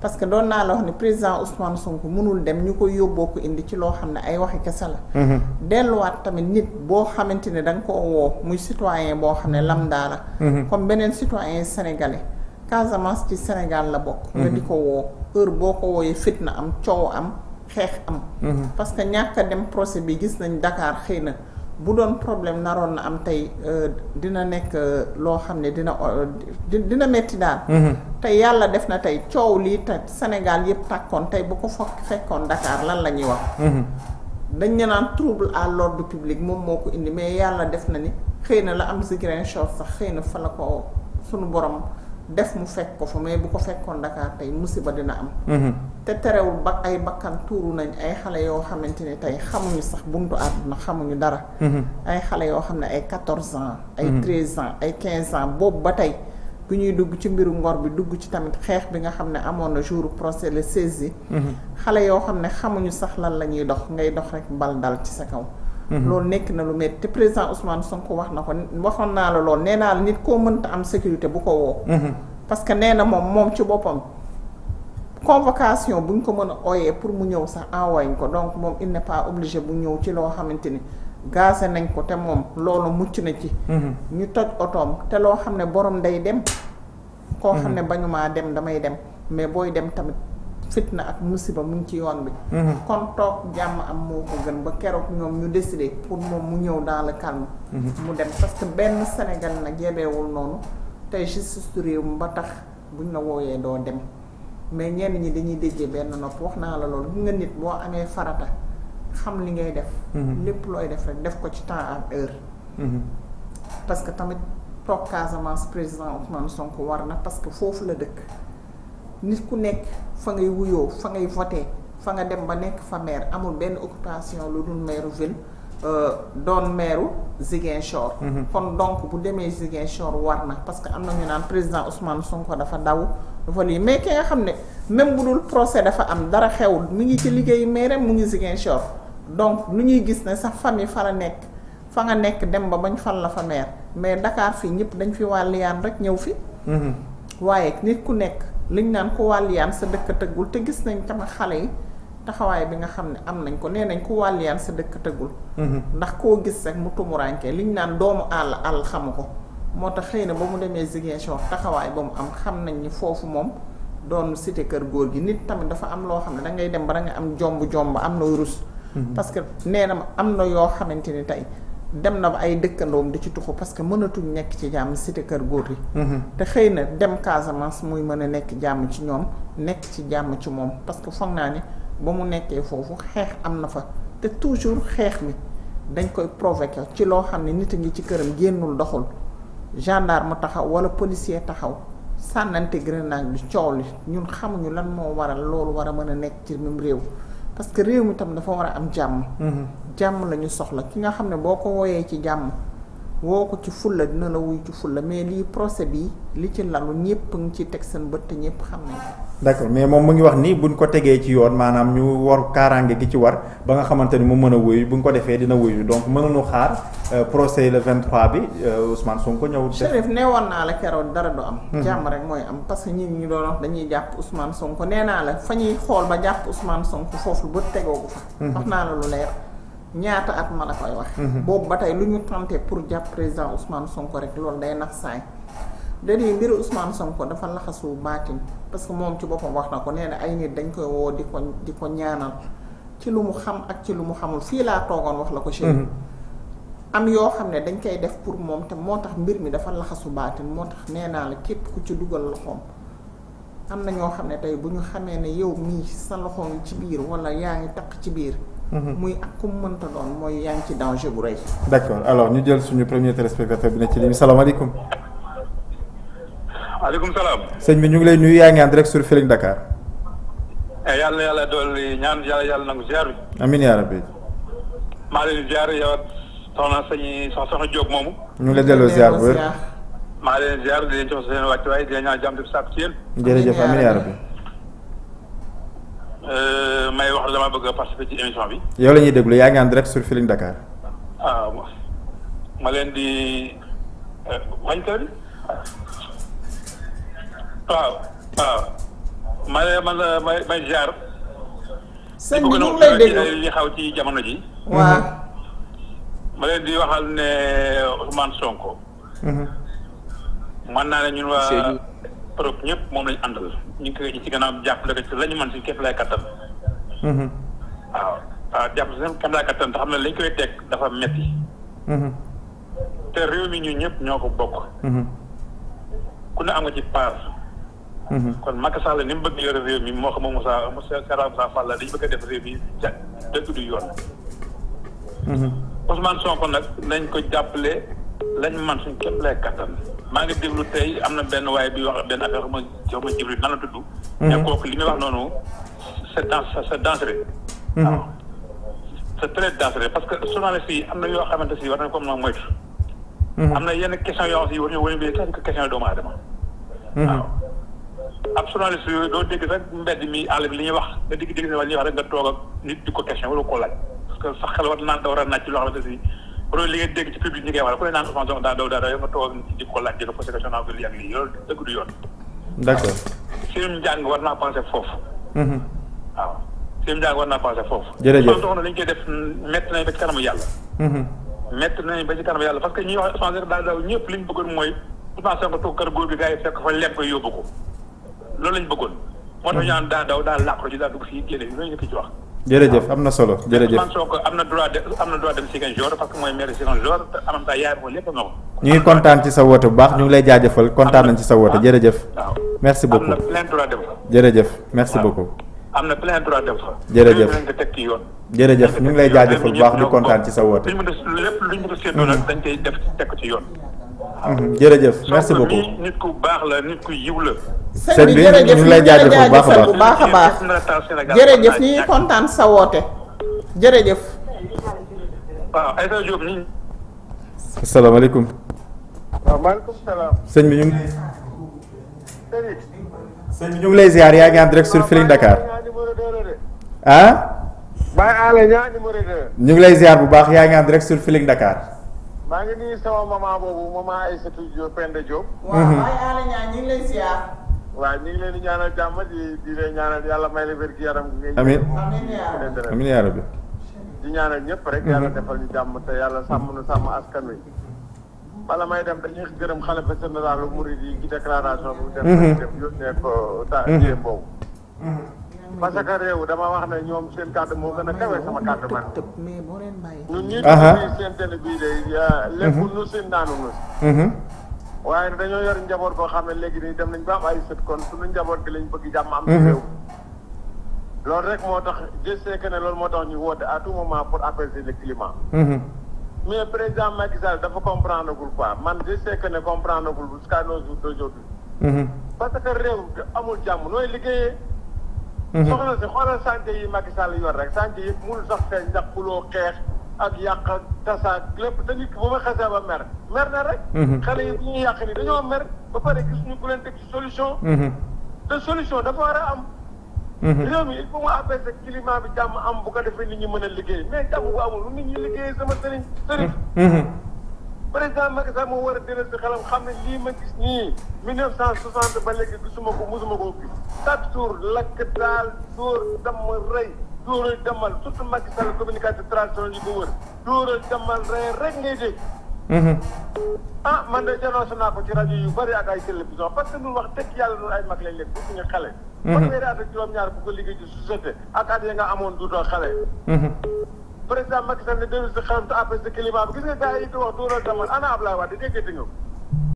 parce que doon naa la wax ni président Ousmane Sonko mënul dem ñu koy yóbboo ko indi ci loo xam ne ay waxi kese la. Mhm. delluwaat tamit nit boo xamante ne da ko woo muy citoyen boo xam ne lambda la. Mhm. comme beneen citoyen sénégalais Casamance ci Sénégal la bokk. nga di mhm. ko woo heure boo ko wooyee fitna am coow am xeex am. parce que ñàkk dem procès bi gis nañ Dakar xëy na. bu doon problème naroon na am tey euh, dina nekk euh, loo xam ne dina euh, dina metti daal mhm. tey yàlla def na tey coow lii te Sénégal yëpp tàkkoon tey bu ko fokk fekkoon Dakar lan la ñuy wax mhm. dañ ne naan trouble à l'ordre publique moom moo ko indi mais yàlla def na ni xëy na la am Ziguinchor sax xëy na fa la ko sunu borom def mu fekk ko fa mais bu ko fekkoon Dakar tey musiba dina am. Mhm. te terewul ba ay bakkan tuuru nañ ay xale yoo xamante ne tey xamuñu sax buntu àdduna xamuñu dara. Mhm. ay xale yoo xam ne ay quatorze ans. ay mhm. treize ans ay quinze ans boobu ba tey bu ñuy dugg ci mbiru ngor bi dugg ci tamit xeex bi nga xam ne amoon na jour procès le seize xale yoo xam ne xamuñu sax lan la ñuy dox ngay dox rek bal dal ci sa kaw. Mm-hmm. loolu nekk na lu métti te président Ousmane Sonko wax na ko waxoon naa la lool nee naa la nit koo mënta am sécurité bu ko woo. Mm-hmm. parce que nee na moom moom ci boppam. convocation bu ñu ko mën a ooyee pour mu ñëw sax envoyé ko donc moom il n'est pas obligé mu ñëw ci loo xamante ni gaase nañ ko te moom loolu mucc na ci. Mm-hmm. ñu toj otoom te loo xam ne borom day dem. koo xam ne bañu maa dem damay dem mais booy dem tamit. fitna ak musiba mu ngi ci yoon bi. Mhm. kon toog jàmm am moo ko gën ba keroog ñoom ñu décider pour moom mu ñëw dans le mhm. mu dem parce que benn Sénégal nag yebeewul noonu tey justice réew mi ba tax buñ la wooyee doo dem mais ñenn ñi dañuy déjee benn nopp wax naa la loolu nga nit boo amee farata xam li ngay def. Mhm. lépp looy def rek def ko ci temps ak heure. parce que tamit toog Casamance président Ousmane Sonko war na parce que foofu la dëkk. nit ku nekk fa ngay wuyoo fa ngay voté fa nga dem ba nekk fa maire amul benn occupation lu dul maire ville euh, doon maire Ziguinchor. Mhm. kon donc bu demee Ziguinchor war na parce que am na ñu naan président Ousmane Sonko dafa daw dafa lii mais ki nga xam ne même bu dul procès dafa am dara xewul mu ngi ci liggéeyu maire mu ngi Ziguinchor donc lu ñuy gis ne sax famille fa la nekk fa nga nekk dem ba bañ fal la fa maire mais ndakaar fii ñëpp dañ fi wàlliyaan rek ñëw fi. Mhm. waaye nit ku nekk. li ñu naan ku wàlliyaan sa dëkk tëggul te gis nañ tamit xale yi taxawaay bi nga xam ne am nañ ko nee nañ ku wàlliyaan sa dëkk tëggul mm-hmm. ndax koo gis rek mu li ñu naan doomu àll àll xamu ko moo tax xëy na ba mu demee Ziguinchor taxawaay ba mu am xam nañ ni foofu moom doon cité kër góor gi nit tamit dafa am loo xam ne dangay dem ba da am jomb jomb am na rus mm-hmm. parce que nee na ma am na yoo xamante ni tey dem na ba ay dëkkandoom di ci tuxu parce que mënatuñ nekk ci jàmm cité kër góor yi. Mhm. te xëy na dem Casamance muy mën a nekk jàmm ci ñoom nekk ci jàmm ci moom parce que foog naa ne ba mu nekkee foofu xeex am na fa te toujours xeex mi dañ koy provoqué ci loo xam ne nit a ngi ci këram génnul doxul gendarme taxaw wala policier taxaw sànnante grenade bi coow li ñun xamuñu lan moo waral loolu war a mën a nekk ci même réew parce que réew mi tam dafa war a am jàmm. Mhm. jàmm la ñu soxla ki nga xam ne boo ko wooyee ci jàmm woo ko ci fulla dina la wuy ci fulla mais lii procès bi li ci lalu ñëpp ngi ci teg seen bët ñëpp xam nañ ko. mais moom mu ngi wax ni buñ ko tegee ci yoon maanaam ñu war kaaraange gi ci war ba nga xamante ni mu mën a wuyu buñ ko defee dina wuyu donc mënuñu xaar euh, procès le 23 bi euh, Ousmane Sonko ñëw. Chérif nee woon naa la keroog dara du am. Mhm. jàmm rek mooy am parce que ñi ñu doon wax dañuy jàpp Ousmane Sonko nee naa la fa ñuy xool ba jàpp Ousmane Sonko foofu lu bët tegoo ko fa. Mhm. wax la lu leer. ñaata at ma la koy wax. Mhm. boobu ba tey lu ñu tenté pour jàpp président Ousmane Sonko rek loolu day nax saay. léegi mbiru Ousmane Sonko dafa laxasu baatin parce que moom ci boppam wax na ko nee na ay nit dañ koy woo di ko di ko ñaanal ci lu mu xam ak ci lu mu xamul fii laa toogoon wax la ko. chéri mhm. am yoo xam ne dañ koy def pour moom te moo tax mbir mi dafa laxasu baatin moo tax nee naa la képp ku ci dugal loxoom. am na ñoo xam ne tey bu ñu xamee ne yow mii sa loxo ci biir wala yaa ngi taq ci biir. Mm-hmm. muy ku mu mënta doon mooy yaa ngi ci danger bu rëy. d' accord alors ñu jël suñu premier téléspectateur bi ne ci ligne salaamaaleykum. maaleykum salaam. sëñ bi ñu ngi lay nuyu yaa ngi en direct sur Dakar. Eh, yàlla na yàlla dolli ñaan yàlla yàlla nangu ziar bi. amiin yaa rabbi. maa leen ziar yow soxna sañi moomu. ñu ngi la delloo si bu wér. maa leen ziar di leen jox seen wàccuwaay di leen ñaan jàmm di sàkk ci yéen. jërëjëf amiin yaa rabbi. Euh, may wax dama bëgg a participer ci émission bi. yow la ñuy déglu yaa ngi en direct sur Feeling Dakar. ah ma leen di wàññi kër waaw waaw ma ne ma la may may ziar. sëñ bi ñu lay déglu xaw ci jamono ji. waaw. ma leen di waxal ne Ousmane Sonko. Mhm. mën naa ne ñun waa. Europe ñëpp moom lañ àndal ñu ngi koy ci gannaaw jàppale ko ci la ñu mën si képp lay kattan. Mhm. waaw waaw jàppale si képp lay kattan te xam ne lañ koy teg dafa metti mhm. te réew mi ñu ñëpp ñoo ko bokk. Mhm. ku ne am nga ci part. kon Macky Sall ni mu bëgg yore réew mi moo xam moom Moussa Moussa Serap Moussa Fall dañu bëgg def réew mi ja dëgg du yoon. Ousmane Sonko nag nañ ko jàppale lañ man suñ képp lay kattan. maa ngi déglu tey am na benn waaye bi wax benn affaire ma jox ma jibril nan la tudd. Mhm. mais kooku li muy wax noonu c'est dans c'est dangereux. waaw mhm. ah. c'est très parce que journaliste yi am na yoo xamante si war nañ ko mën a moytu. Mhm. am na yenn question yoo xam si war nañoo wane ni que question doomu aadama. waaw ah. ab journaliste yooyu doo dégg rek mbedd mi àll bi li ñuy wax nga dégg dégg sa wàll ñuy wax rek nga toog ak nit di ko question wala ko laaj parce que sax xel war naan da war a naaj ci loo xamante si. bu doon li ngeen dégg ci public ñi ngay wax ku ne naan Ousmane Sonko daa daw daa daw yow nga toog di ko laaj jël conséquence naa ko lii ak lii yow dëgg du yoon. d'accord seen njàng war naa pensé li ñu koy def métti nañu ba ci kanamu yàlla. métti mhm. nañu ba ci kanamu yàlla parce que ñi wax Ousmane Sonko daa daw ñëpp li bëggoon mooy Ousmane Sonko toog kër góor gi gars yi fekk fa lem ko yóbbu ko loolu la ñu bëggoon. moo tax ñu naan daa daw daa làqu ji daa dugg fii génne bi ñu nekk ci wax jërëjëf am na solo jërëjëf man soo ko am na droit am na droit dem Ziguinchor parce que mooy maire Ziguinchor te am lépp nga ko. ñu ngi kontaan ci sa woote bu baax ñu ngi lay jaajëfal kontaan nañ ci sa woote jërëjëf. merci beaucoup am na plein droit dem jërëjëf merci beaucoup. am na plein droit dem fa. jërëjëf jërëjëf ñu ngi lay jaajëfal bu baax di kontaan ci sa woote. luñ mën a lépp luñ mën a seetloo nag mhm. dañ koy def teg ko ci yoon. Mhm. jërëjëf merci beaucoup nit ku baax la la sëñ bi ñu ngi lay jaajëfal bu baax a baax bu baax a baax jërëjëf ñu ngi kontaan sa woote jërëjëf. waaw ñu. salaam. sëñ bi bi ñu ngi lay ziar yaa ngi en direct sur Feeling Dakar. Ah? ñu ngi lay ziar bu baax yaa ngi en direct sur Feeling waaw ñu ngi leen di jàmm di di leen ñaanal yàlla may la wér gi yaram. amiin amiin yaa rabbi di ñaanal ñëpp rek. yàlla defal ñu jàmm te yàlla sàmm nu sàmm askan wi. bala may dem dañuy gërëm xalifa généralu murid yi ci déclaration bu def mhm. def yónnee mhm. mhm. que réew dama wax ne ñoom seen kàddu moo gën a kawe sama kàddu man ñun waaye nag dañoo yor njaboot boo xam ne léegi nii dem nañ ba am ay sët kon suñu njaboot gi lañ bëgg jàmm am. ci mhm. réew loolu rek moo tax je sais que ne loolu moo tax ñu woote à tout moment pour apaiser le climat. Mhm. mais président Macky Sall dafa comprendre gul koi man je sais que ne comprendre gul jusqu'à nos jours d'aujourd'hui. Mhm. parce que réew amul jàmm nooy liggéeyee. soxna si xoolal chantier yi Macky Sall yor rek chantier yëpp mënul sax feeñ ndax xuloo xeex. ak yàq ak tasaak lépp te nit ki ma xasee ba mer mer na rek. Mhm. xale yi bu ñuy yàq ni dañoo mer ba pare gis ñu ku leen teg ci solution. Mhm. te solution dafa war a am. Mhm. réew mi il faut mu abaisser climat bi jàmm am bu ko defee nit ñi mën a liggéey mais jàmm bu amul lu nit ñi liggéey sama sëriñ sëriñ. président Macky Sall moo war a dina si xelam xam ne lii ma gis nii mille neuf cent soixante ba léegi gisuma ko musuma ko gis chaque jour lakk daal dóor damm rëy. dóoral demal surtout Macky Sall communication traditionnelle yi ko wër dóoral demal ree rek ngay dégg mhm. ah man de dénoncé naa ko ci rajo yu ak ay télévision parce que ñun wax dëgg yàlla noonu ay mag lañ lekk pour ñu xale mhm. fanweeri at ak juróom-ñaar bu ko liggéey ci ak at nga amoon du doon xale mhm. président Macky Sall ne delu si xalam te après ce climat bi gis nga gars yi di wax dóoral demal ana Ablaye Wade dégg nga